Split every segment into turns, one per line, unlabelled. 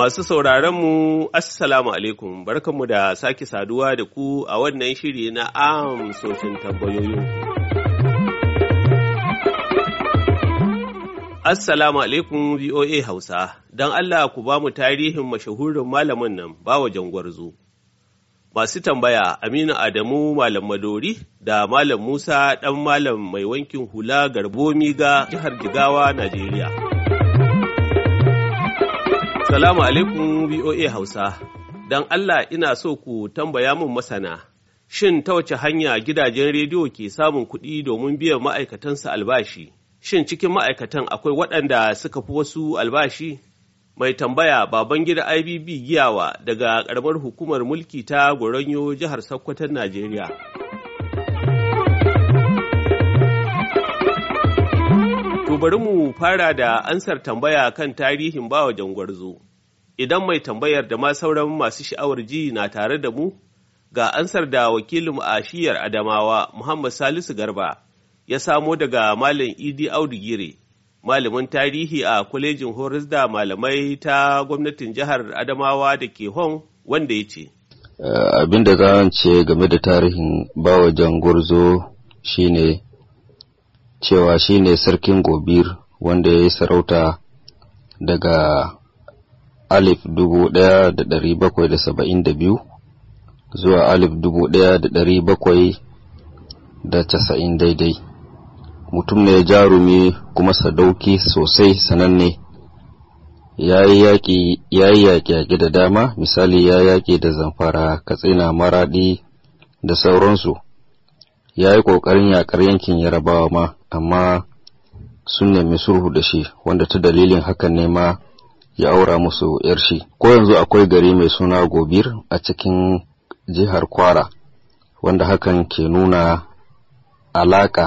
Masu sauraronmu, Assalamu alaikum, barkanmu da sake saduwa da ku a wannan shiri na amsoshin tambayoyin. Assalamu alaikum VOA Hausa, don Allah ku ba mu tarihin mashahurin malamin nan ba bawa jangwarzo. Masu tambaya Aminu Adamu Malam Madori da Malam Musa ɗan Malam mai wankin hula Garbomi ga jihar Jigawa, Najeriya. Salamu alaikum BOA Hausa, don Allah ina so ku tambaya mun masana, shin ta wace hanya gidajen rediyo ke samun kuɗi domin biyan ma'aikatansu albashi? Shin cikin ma'aikatan akwai waɗanda suka fi wasu albashi? Mai tambaya baban gida IBB giyawa daga ƙaramar hukumar mulki ta Goronyo jihar Sokoton Najeriya. bari mu fara da ansar tambaya kan tarihin bawa jangwarzo. Idan mai tambayar da ma sauran masu sha'awar ji na tare da mu, ga ansar da wakilin a shiyar Adamawa Muhammad Salisu Garba ya samo daga Malam Idi Audu Gire, malamin tarihi a kwalejin horis da malamai ta gwamnatin jihar Adamawa da ke Hon wanda ya ce.
Eh, abin da za ce game da tarihin bawa jangwarzo shine cewa shi ne sarkin gobir wanda ya yi sarauta daga alif dubu ɗaya da ɗari bakwai da saba'in da biyu zuwa alif dubu ɗaya da ɗari bakwai da casa'in daidai mutum ne jarumi kuma sadauki sosai sananne ya yi yaƙi da dama misali ya yaƙi da zamfara katsina maraɗi da sauransu ya yi ƙoƙarin yaƙar yankin yarabawa ma amma sun nemi sulhu da shi wanda ta dalilin hakan ne ma ya aura musu yar shi ko yanzu akwai gari mai suna gobir a cikin jihar kwara wanda hakan ke nuna alaka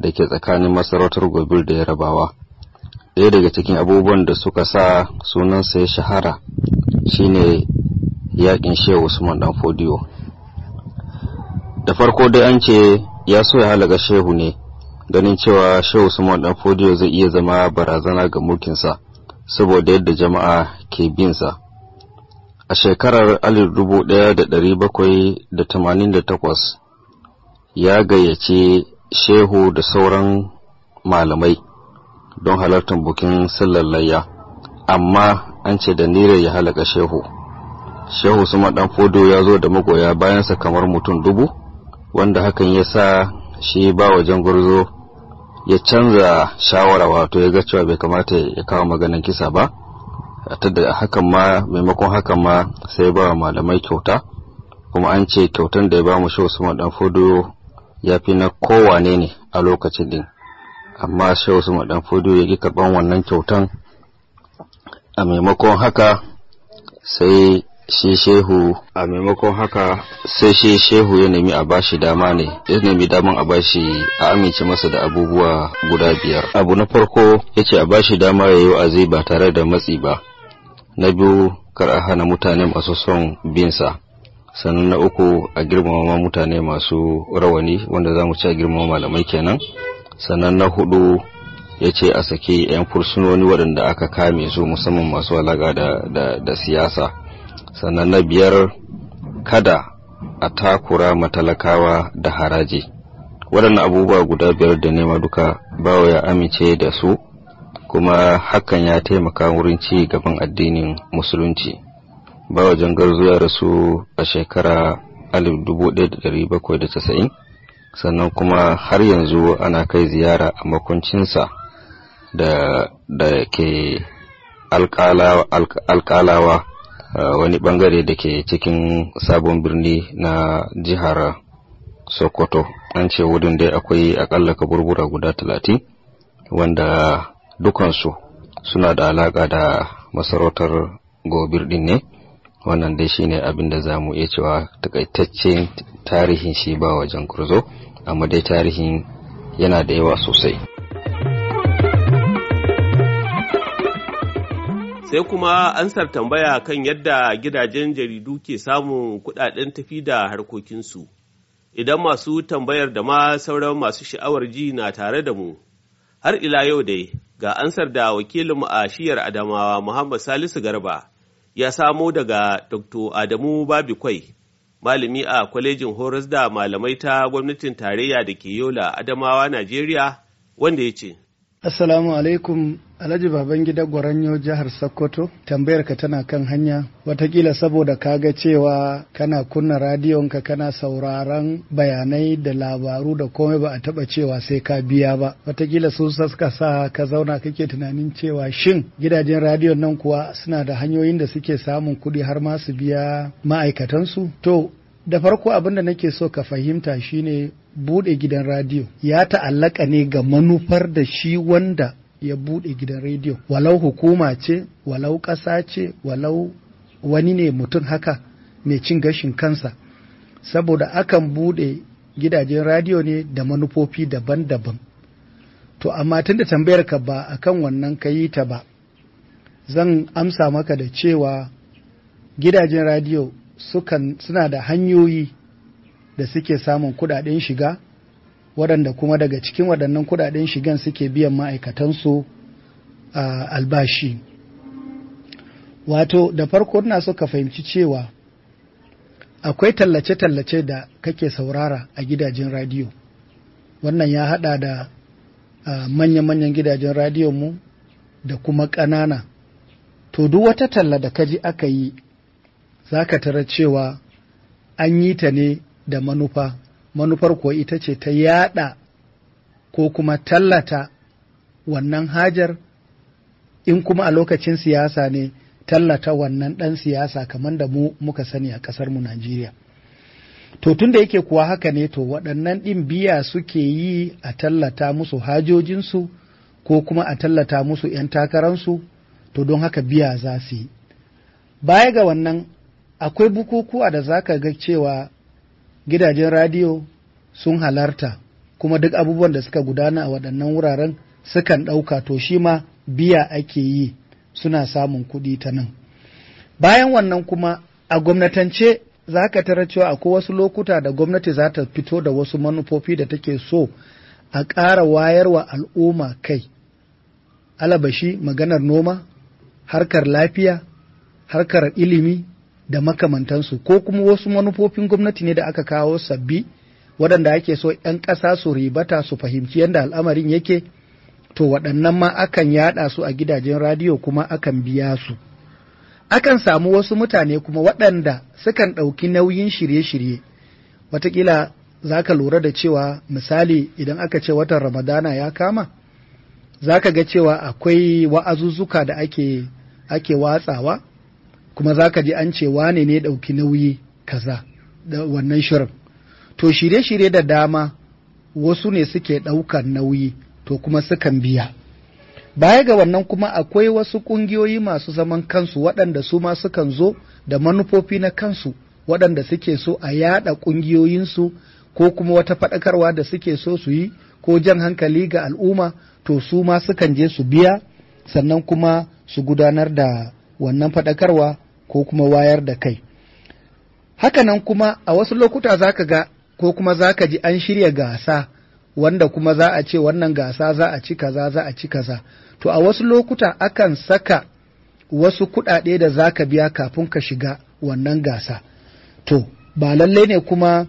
da ke tsakanin masarautar gobir da yarabawa ɗaya daga cikin abubuwan da suka sa sunansa ya shahara shine yaƙin shehu usman dan fodiyo da farko dai an ce ya so ya halaga shehu ne ganin cewa shehu usman dan fodiyo zai iya zama barazana ga mulkinsa saboda yadda jama'a ke bin sa, a shekarar 1788 ya gayyace shehu da sauran malamai don halartar bukin sallallayya amma an ce da nira ya halaka shehu shehu usman dan fodiyo ya zo da magoya bayansa kamar mutum dubu wanda hakan ya sa shi ba wajen gwarzo ya canza shawara wato ya ga cewa bai kamata ya kawo maganin kisa ba a da hakan ma maimakon hakan ma sai ba malamai kyauta kuma an ce kyautan da ya ba mu shi Usman dan fudu ya fi na kowane ne a lokacin din amma shi Usman dan fudu ya ki karban wannan kyautan a maimakon haka sai shi shehu a maimakon haka sai shi shehu ya nemi a bashi dama ne ya nemi daman a bashi a amince masa da abubuwa guda biyar abu na farko ya ce a bashi dama ya yi wa'azi ba tare da matsi ba na biyu kar a hana mutane masu son binsa sannan na uku a girmama mutane masu rawani wanda za mu ci a girmama malamai kenan sannan na hudu ya ce a sake 'yan fursunoni waɗanda aka kame su musamman masu alaƙa da siyasa sannan na biyar kada a takura matalakawa da haraji waɗannan abubuwa guda biyar da nema duka bawa ya amince da su kuma hakan ya taimaka wurin ci gaban addinin musulunci ba wajen jangar zuwa rasu a shekara 1790 sannan kuma har yanzu ana kai ziyara a makoncinsa da, da ke alkalawa Ah, wani bangare da ke cikin sabon birni na jihar sokoto an ce wurin dai akwai akalla kaburbura guda talatin wanda dukansu suna da alaka da masarautar gobir din ne wannan dai shine abin da za mu iya cewa takaitaccen tarihin shi ba wajen kurzo amma dai tarihin yana da yawa sosai
sai kuma ansar tambaya kan yadda gidajen jaridu ke samun kudaden tafi da harkokinsu idan masu tambayar da ma sauran masu sha'awar ji na tare da mu har ila yau dai ga ansar da wakilinmu a shiyar adamawa muhammad salisu garba ya samo daga dr adamu babikwai malami a kwalejin horas da malamai ta gwamnatin tarayya da ke yola adamawa najeriya wanda ya ce
assalamu alaikum Alhaji Babangida Gwaranyo jihar Sokoto tambayar ka tana kan hanya watakila saboda ka ga cewa kana kunna radiyonka kana sauraron bayanai da labaru da komai ba a taba cewa sai ka biya ba watakila su suka sa ka zauna kake tunanin cewa shin gidajen radiyon nan kuwa suna da hanyoyin da suke samun kuɗi har ma su biya ma'aikatansu to da farko abin da nake so ka fahimta shine bude gidan radiyo ya ta'allaka ne ga manufar da shi wanda ya buɗe gidan rediyo walau hukuma ce walau ƙasa ce walau wani ne mutum haka mai cin gashin kansa saboda akan buɗe gidajen radiyo ne da manufofi daban-daban to amma tun da tambayar ka ba akan wannan ka yi ta ba zan amsa maka da cewa gidajen radiyo suna da hanyoyi da suke samun kudaden shiga waɗanda kuma daga cikin waɗannan kuɗaɗen shigan suke biyan ma'aikatansu a albashi wato da farko na so ka fahimci cewa akwai tallace-tallace da kake saurara a gidajen radiyo wannan ya haɗa da manya-manyan gidajen radiyon mu da kuma ƙanana to duk wata talla da kaji aka yi za ka tara cewa an yi ta ne da manufa manufar kuwa ita ce ta yaɗa ko kuma tallata wannan hajar in kuma a lokacin siyasa ne tallata wannan ɗan siyasa kamar da mu muka sani a ƙasarmu Najeriya. To tun da yake kuwa haka ne to waɗannan ɗin biya suke yi a tallata musu hajojinsu ko kuma a tallata musu 'yan takararsu to don haka biya za su yi. Baya ga wannan akwai bukukuwa da za ka ga cewa gidajen radio sun halarta kuma duk abubuwan da suka gudana a waɗannan wuraren sukan ɗauka to shi ma biya ake yi suna samun kuɗi ta nan bayan wannan kuma a gwamnatance za ka tara cewa akwai wasu lokuta da gwamnati za ta fito da wasu manufofi da take so a ƙara wayarwa al'umma kai alabashi maganar noma harkar lafiya harkar ilimi da makamantansu ko kuma wasu manufofin gwamnati ne da aka kawo sabbi waɗanda ake so 'yan ƙasa su ribata su fahimci yadda al'amarin yake to waɗannan ma akan yaɗa su a gidajen radiyo kuma akan biya su akan samu wasu mutane kuma waɗanda sukan ɗauki nauyin shirye-shirye Wataƙila za ka lura da cewa misali idan aka ce watan ramadana ya kama za ga cewa akwai wa'azuzzuka da ake, ake watsawa kuma za ka ji an ce wane ne ɗauki nauyi kaza da wannan shirin to shirye-shirye da dama wasu ne suke ɗaukar nauyi to kuma sukan biya baya ga wannan kuma akwai wasu ƙungiyoyi masu zaman kansu waɗanda su ma sukan zo da manufofi na kansu waɗanda suke so a yaɗa ƙungiyoyinsu ko kuma wata faɗakarwa da suke so su yi ko jan hankali ga al'umma to su ma sukan je su biya sannan kuma su gudanar da wannan faɗakarwa ko kuma wayar da kai hakanan kuma a wasu lokuta za ka ga ko kuma za ka ji an shirya gasa wanda kuma za a ce wannan gasa za a ci kaza za a ci kaza to a wasu lokuta akan saka wasu kuɗaɗe da za ka biya kafin ka shiga wannan gasa to ba lallai ne kuma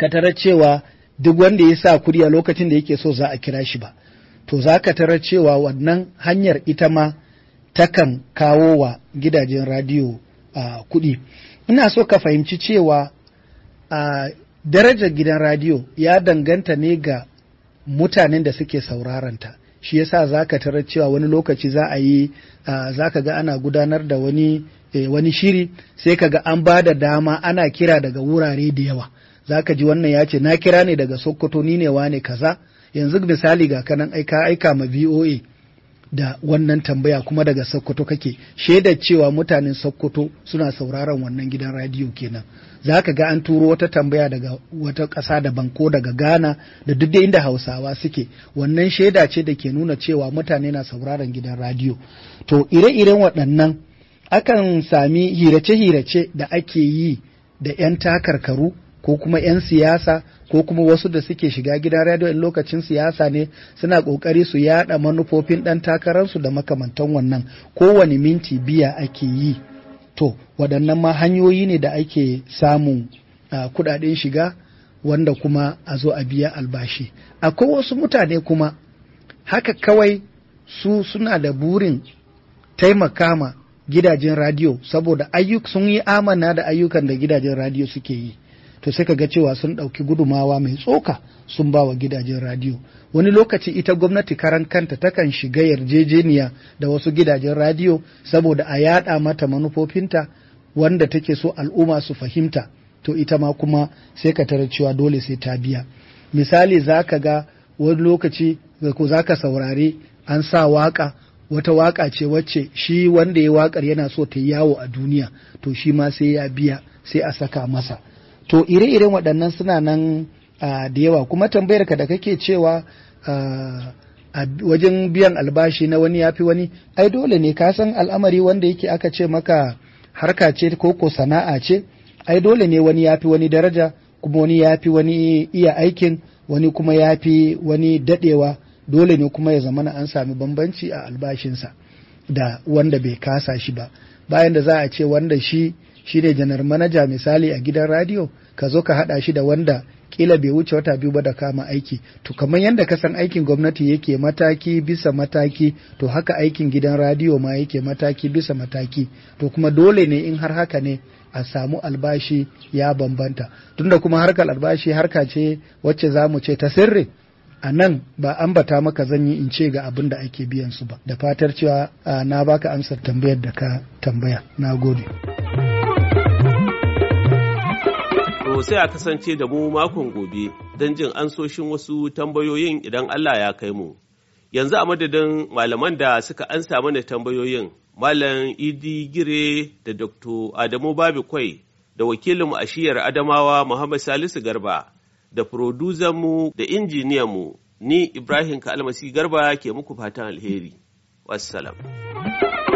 ka tara cewa duk wanda ya sa kuɗi a lokacin da yake so za a kira shi ba to za ka tarar cewa wannan hanyar ita ma takan kawo wa gidajen radiyo uh, kuɗi ina so ka fahimci cewa uh, darajar gidan radiyo ya danganta ne ga mutanen da suke sauraranta shi yasa za ka tarar cewa wani lokaci za a yi uh, za ka ga ana gudanar da wani eh, wani shiri sai ka ga an ba da dama ana kira daga wurare da yawa za ka ji wannan ya ce na kira ne daga sokoto ni ne ne kaza yanzu misali ga kanan aika aika ma voa da wannan tambaya kuma daga Sokoto kake shaidar cewa mutanen Sokoto suna sauraron wannan gidan radiyo kenan za ka ga an turo wata tambaya daga wata ƙasa daban ko daga Ghana da duk da inda Hausawa suke wannan shaida ce da ke nuna cewa mutane na sauraron gidan radiyo to ire-iren waɗannan akan sami hirace-hirace da ake yi da 'yan takarkaru ko kuma 'yan siyasa ko kuma wasu da suke shiga gidan radio in lokacin siyasa ne suna kokari su yada manufofin dan takararsu da makamantan wannan kowane minti biya ake yi to waɗannan ma hanyoyi ne da ake samun kudaden shiga wanda kuma a zo a biya albashi akwai wasu mutane kuma haka kawai su suna da burin taimakama gidajen radio saboda ayyuk sun yi amana da ayyukan da gidajen radio suke yi to sai ka ga cewa sun ɗauki gudumawa mai tsoka sun ba wa gidajen radio wani lokaci ita gwamnati karan kanta takan shiga yarjejeniya da wasu gidajen radio saboda a yaɗa mata manufofinta wanda take so al'umma su fahimta to ita ma kuma sai ka tarar cewa dole sai ta biya misali za ka ga wani lokaci ko za ka saurari an sa waka wata waka ce wacce shi wanda ya wakar yana so ta yawo a duniya to shi ma sai ya biya sai a saka masa to ire-iren waɗannan suna nan da yawa kuma tambayar ka da kake cewa a wajen biyan albashi na wani ya fi wani ai dole ne ka san al'amari wanda yake aka ce maka harka ce ko ko sana'a ce ai dole ne wani ya fi wani daraja kuma wani ya fi wani iya aikin wani kuma ya fi wani dadewa dole ne kuma ya zamana an sami bambanci a albashinsa da wanda bai kasa shi ba bayan da za a ce wanda shi shi ne janar manaja misali a gidan radio ka zo ka haɗa shi da wanda kila bai wuce wata biyu ba da kama aiki to kamar yadda ka san aikin gwamnati yake mataki bisa mataki to haka aikin gidan radio ma yake mataki bisa mataki to kuma dole ne in har haka ne a samu albashi ya bambanta tunda kuma harkar albashi harka ce wacce za mu ce ta sirri a nan ba ambata maka zanyi in ce ga abin da ake biyan su ba da fatar cewa na baka amsar tambayar da ka tambaya na gode.
sai a kasance da mu makon gobe don jin ansoshin wasu tambayoyin idan Allah ya kai mu. Yanzu a madadin malaman da suka ansa mana tambayoyin Malam Idi Gire da Dr. Adamu Babikwai da wakilinmu a shiyar Adamawa Muhammad Salisu Garba da mu da mu, ni Ibrahim Kalmasi Garba ke muku fatan alheri. Wassalam.